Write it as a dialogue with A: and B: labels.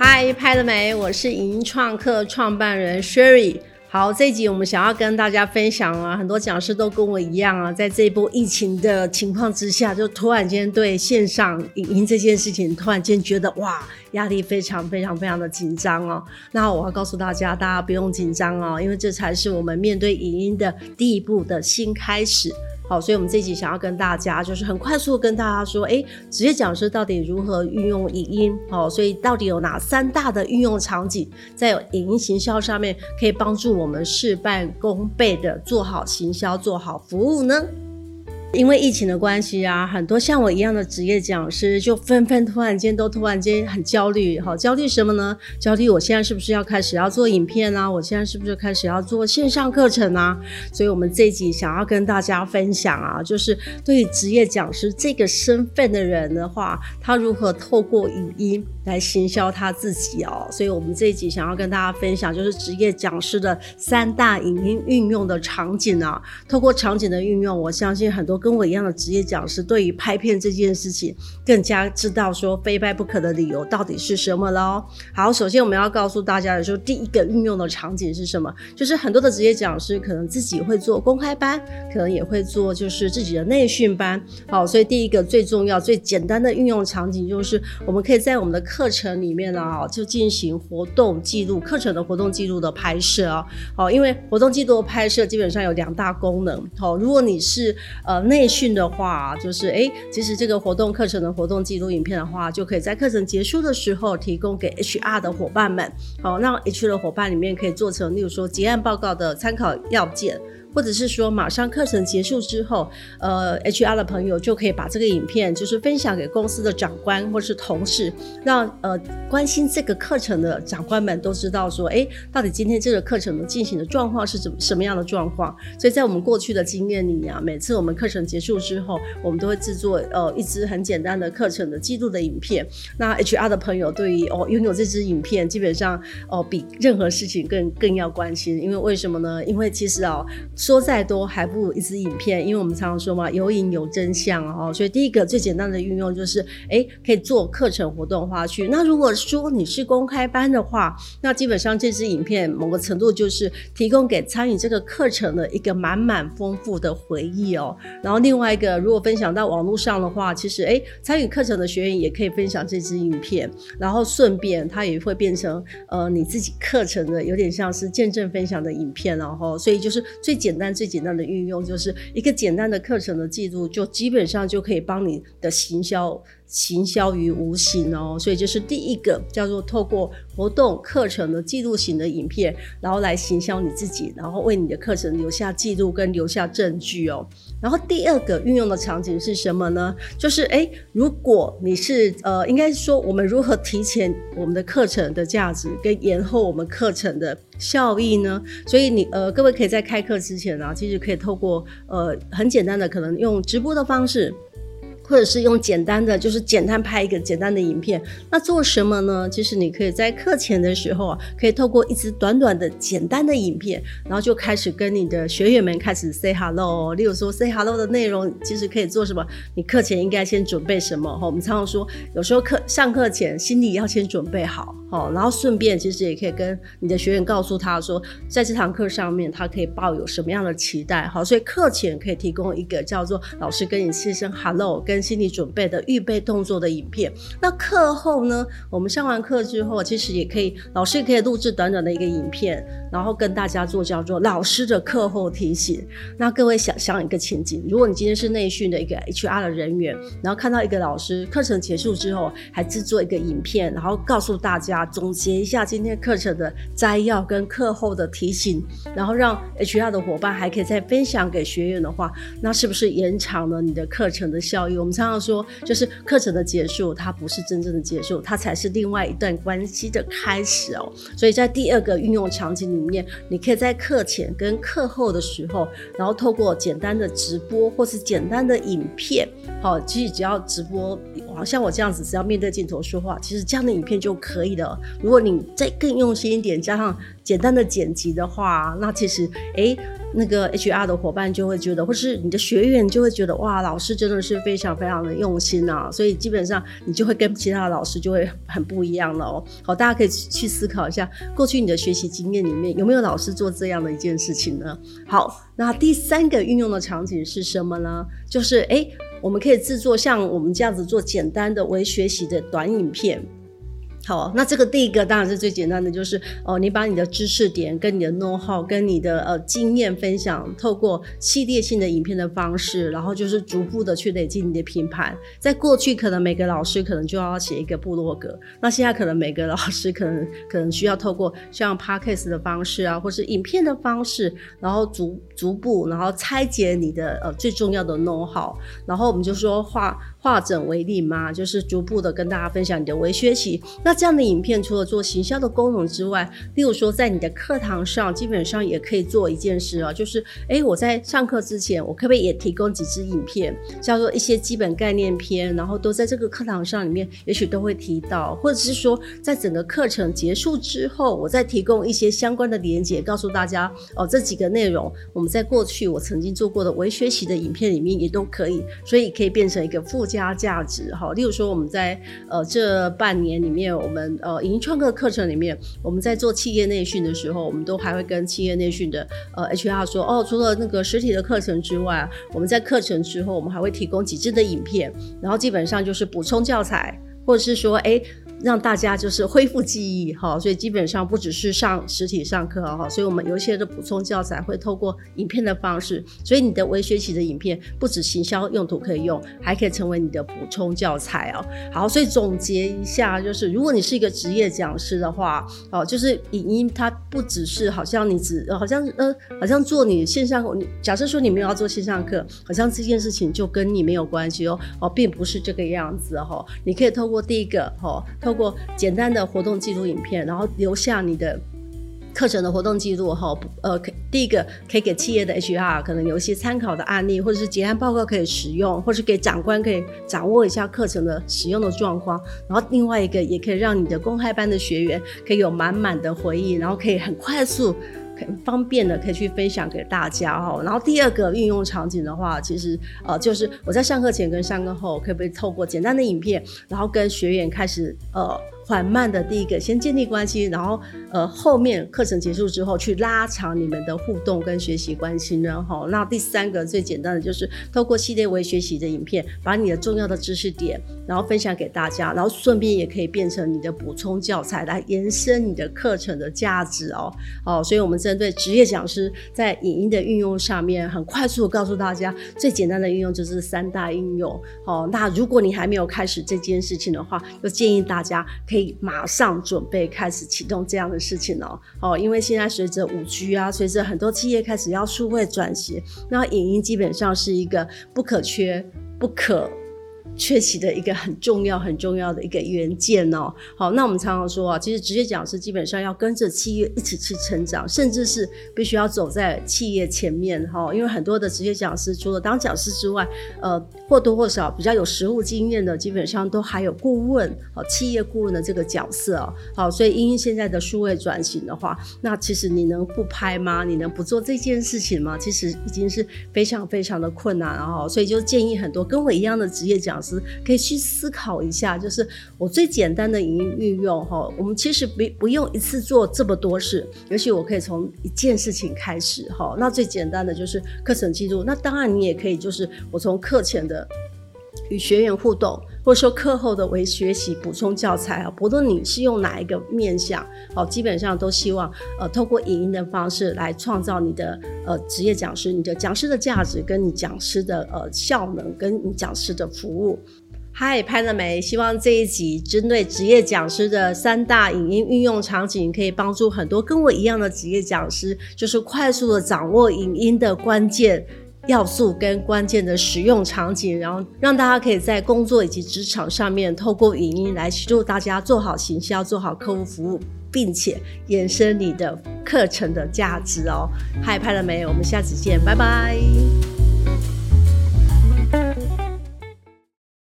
A: 嗨，Hi, 拍了沒？我是影音創客創辦人 Shary。好，這一集我們想要跟大家分享啊，很多講師都跟我一樣啊，在這一波疫情的情況之下，就突然間對線上影音這件事情，突然間覺得哇，壓力非常非常非常的緊張哦。那我要告訴大家，大家不用緊張哦，因為這才是我們面對影音的第一步的新開始。好，所以，我們這一集想要跟大家，就是很快速的跟大家說，哎、欸，職業講師到底如何運用影音？好，所以到底有哪三大的運用場景，在影音行銷上面，可以幫助我們事半功倍的做好行銷，做好服務呢？因為疫情的關係啊，很多像我一樣的職業講師就紛紛突然間都突然間很焦慮，好、哦、焦慮什麼呢？焦慮我現在是不是要開始要做影片啊？我現在是不是開始要做線上課程啊？所以，我們這一集想要跟大家分享啊，就是對於職業講師這個身份的人的話，他如何透過影音。來行銷他自己哦，所以我們這一集想要跟大家分享，就是職業講師的三大影音運用的場景啊。透過場景的運用，我相信很多跟我一樣的職業講師，對於拍片這件事情，更加知道說非拍不可的理由到底是什麼嘍。好，首先我們要告訴大家的就是第一個運用的場景是什麼，就是很多的職業講師可能自己會做公開班，可能也會做就是自己的內訓班。好，所以第一個最重要、最簡單的運用場景，就是我們可以在我們的課。課程裡面呢、啊，就進行活動記錄，課程的活動記錄的拍攝哦、啊。好，因為活動記錄的拍攝基本上有兩大功能。好，如果你是呃內訓的話，就是誒其實這個活動課程的活動記錄影片的話，就可以在課程結束的時候提供給 HR 的夥伴們。好，讓 HR 的夥伴裡面可以做成，例如說結案報告的參考要件。或者是說，馬上課程結束之後，呃，HR 的朋友就可以把這個影片，就是分享給公司的長官或是同事，讓呃關心這個課程的長官們都知道說，誒，到底今天這個課程的進行的狀況是怎什麼樣的狀況？所以在我們過去的經驗裡面啊，每次我們課程結束之後，我們都會製作呃一支很簡單的課程的記錄的影片。那 HR 的朋友對於哦擁有這支影片，基本上哦比任何事情更更要關心，因為為什麼呢？因為其實啊、哦。說再多還不如一支影片，因為我們常常說嘛，有影有真相哦。所以第一個最簡單的運用就是，誒，可以做課程活動花絮。那如果說你是公開班的話，那基本上這支影片某個程度就是提供給參與這個課程的一個滿滿豐富的回憶哦。然後另外一個，如果分享到網絡上的話，其實誒，參與課程的學員也可以分享這支影片，然後順便它也會變成呃你自己課程的有點像是見證分享的影片哦哦，然後所以就是最簡。簡單，最簡單的運用就是一個簡單的課程的記錄，就基本上就可以幫你的行銷。行銷於無形哦，所以就是第一個叫做透過活動課程的記錄型的影片，然後來行銷你自己，然後為你的課程留下記錄跟留下證據哦。然後第二個運用的場景是什麼呢？就是誒，如果你是呃，應該說我們如何提前我們的課程的價值，跟延後我們課程的效益呢？所以你呃，各位可以在開課之前呢，啊，其實可以透過呃很簡單的，可能用直播的方式。或者是用簡單的，就是簡單拍一個簡單的影片，那做什麼呢？其實你可以在課前的時候啊，可以透過一支短短的簡單的影片，然後就開始跟你的學員們開始 say hello 哦。例如說，say hello 的內容其實可以做什麼？你課前應該先準備什麼？哈，我們常常說，有時候，課上課前心理要先準備好，哈，然後順便其實也可以跟你的學員告訴他說，在這堂課上面，他可以抱有什麼樣的期待，哈，所以課前可以提供一個叫做老師跟你說一聲 hello，跟心理準備的預備動作的影片。那課後呢？我們上完課之後，其實也可以，老師也可以錄制短短的一個影片，然後跟大家做叫做老師的課後提醒。那各位想想一個情景：如果你今天是內訓的一個 HR 的人員，然後看到一個老師課程結束之後，還制作一個影片，然後告訴大家總結一下今天課程的摘要跟課後的提醒，然後讓 HR 的伙伴還可以再分享給學員的話，那是不是延長了你的課程的效用？我們常常說，就是課程的結束，它不是真正的結束，它才是另外一段關係的開始哦、喔。所以在第二個運用場景裡面，你可以在課前跟課後的時候，然後透過簡單的直播或是簡單的影片，好，其實只要直播，好像我這樣子只要面對鏡頭說話，其實這樣的影片就可以了。如果你再更用心一點，加上簡單的剪輯的話，那其實誒。欸那個 HR 的夥伴就會覺得，或是你的學員就會覺得，哇，老師真的是非常非常的用心吶、啊，所以基本上你就會跟其他的老師就會很不一樣了哦。好，大家可以去思考一下，過去你的學習經驗裡面有沒有老師做這樣的一件事情呢？好，那第三個運用的場景是什麼呢？就是哎、欸，我們可以制作像我們這樣子做簡單的微學習的短影片。好，那這個第一個當然是最簡單的，就是哦、呃，你把你的知識點、跟你的 know how、跟你的呃經驗分享，透過系列性的影片的方式，然後就是逐步的去累積你的品牌。在過去，可能每個老師可能就要寫一個部落格，那現在可能每個老師可能可能需要透過像 podcast 的方式啊，或是影片的方式，然後逐逐步然後拆解你的呃最重要的 know how，然後我們就說畫化整為零嗎？就是逐步的跟大家分享你的微學習。那這樣的影片，除了做行銷的功能之外，例如說在你的課堂上，基本上也可以做一件事啊，就是哎、欸，我在上課之前，我可不可以也提供幾支影片，叫做一些基本概念片，然後都在這個課堂上裡面，也許都會提到，或者是說在整個課程結束之後，我再提供一些相關的連結，告訴大家哦，這幾個內容我們在過去我曾經做過的微學習的影片裡面也都可以，所以可以變成一個附加。加價值哈，例如說我們在呃這半年裡面，我們呃已經創客課程裡面，我們在做企業內訓的時候，我們都還會跟企業內訓的呃 HR 說，哦，除了那個實體的課程之外，我們在課程之後，我們還會提供幾支的影片，然後基本上就是補充教材，或者是說哎。欸讓大家就是恢復記憶哈，所以基本上不只是上實體上課哈，所以我們有一些的補充教材會透過影片的方式，所以你的微學習的影片不止行銷用途可以用，還可以成為你的補充教材哦。好，所以總結一下，就是如果你是一個職業講師的話，哦，就是影音它不只是好像你只好像呃好像做你線上，假設說你沒有要做線上課，好像這件事情就跟你沒有關係哦，哦，並不是這個樣子哦，你可以透過第一個哈。透過簡單的活動記錄影片，然後留下你的課程的活動記錄齁，呃可，第一個可以給企業的 HR 可能有一些參考的案例，或者是結案報告可以使用，或是給長官可以掌握一下課程的使用的狀況。然後另外一個也可以讓你的公開班的學員可以有滿滿的回憶，然後可以很快速。很方便的，可以去分享給大家哦、喔。然後第二個運用場景的話，其實呃，就是我在上課前跟上課後，可不可以透過簡單的影片，然後跟學員開始呃。緩慢的，第一個先建立關係，然後呃，後面課程結束之後去拉長你們的互動跟學習關係。然後，那第三個最簡單的就是透過系列微學習的影片，把你的重要的知識點，然後分享給大家，然後順便也可以變成你的補充教材，來延伸你的課程的價值哦。好，所以我們針對職業講師在影音的運用上面，很快速的告訴大家最簡單的運用就是三大應用。好，那如果你還沒有開始這件事情的話，就建議大家可以。可以馬上準備開始啟動這樣的事情哦、喔、哦，因為現在隨着五 G 啊，隨着很多企業開始要數位轉型，那影音基本上是一個不可缺不可缺席的一個很重要、很重要的一個元件哦。好，那我們常常說啊，其實職業講師基本上要跟着企業一起去成長，甚至是必須要走在企業前面哈、哦。因為很多的職業講師除了當講師之外，呃，或多或少比較有實務經驗的，基本上都還有顧問哦，企業顧問的這個角色哦。好，所以因應現在的數位轉型的話，那其實你能不拍嗎？你能不做這件事情嗎？其實已經是非常非常的困難哈、哦。所以就建議很多跟我一樣的職業講師。老師可以去思考一下，就是我最簡單的影音運用哈，我們其實不不用一次做這麼多事，也許我可以從一件事情開始哈。那最簡單的就是課程記錄，那當然你也可以，就是我從課前的與學員互動。或者說課後的微學習補充教材啊，不論你是用哪一個面向，基本上都希望呃透過影音的方式來創造你的呃職業講師，你的講師的價值，跟你講師的呃效能，跟你講師的服務。嗨，拍了沒？希望這一集針對職業講師的三大影音運用場景，可以幫助很多跟我一樣的職業講師，就是快速的掌握影音的關鍵要素跟關鍵的使用場景，然後讓大家可以在工作以及職場上面，透過影音來協助大家做好行銷、做好客戶服務，並且延伸你的課程的價值哦、喔。嗨，拍了沒？我們下次見，拜拜。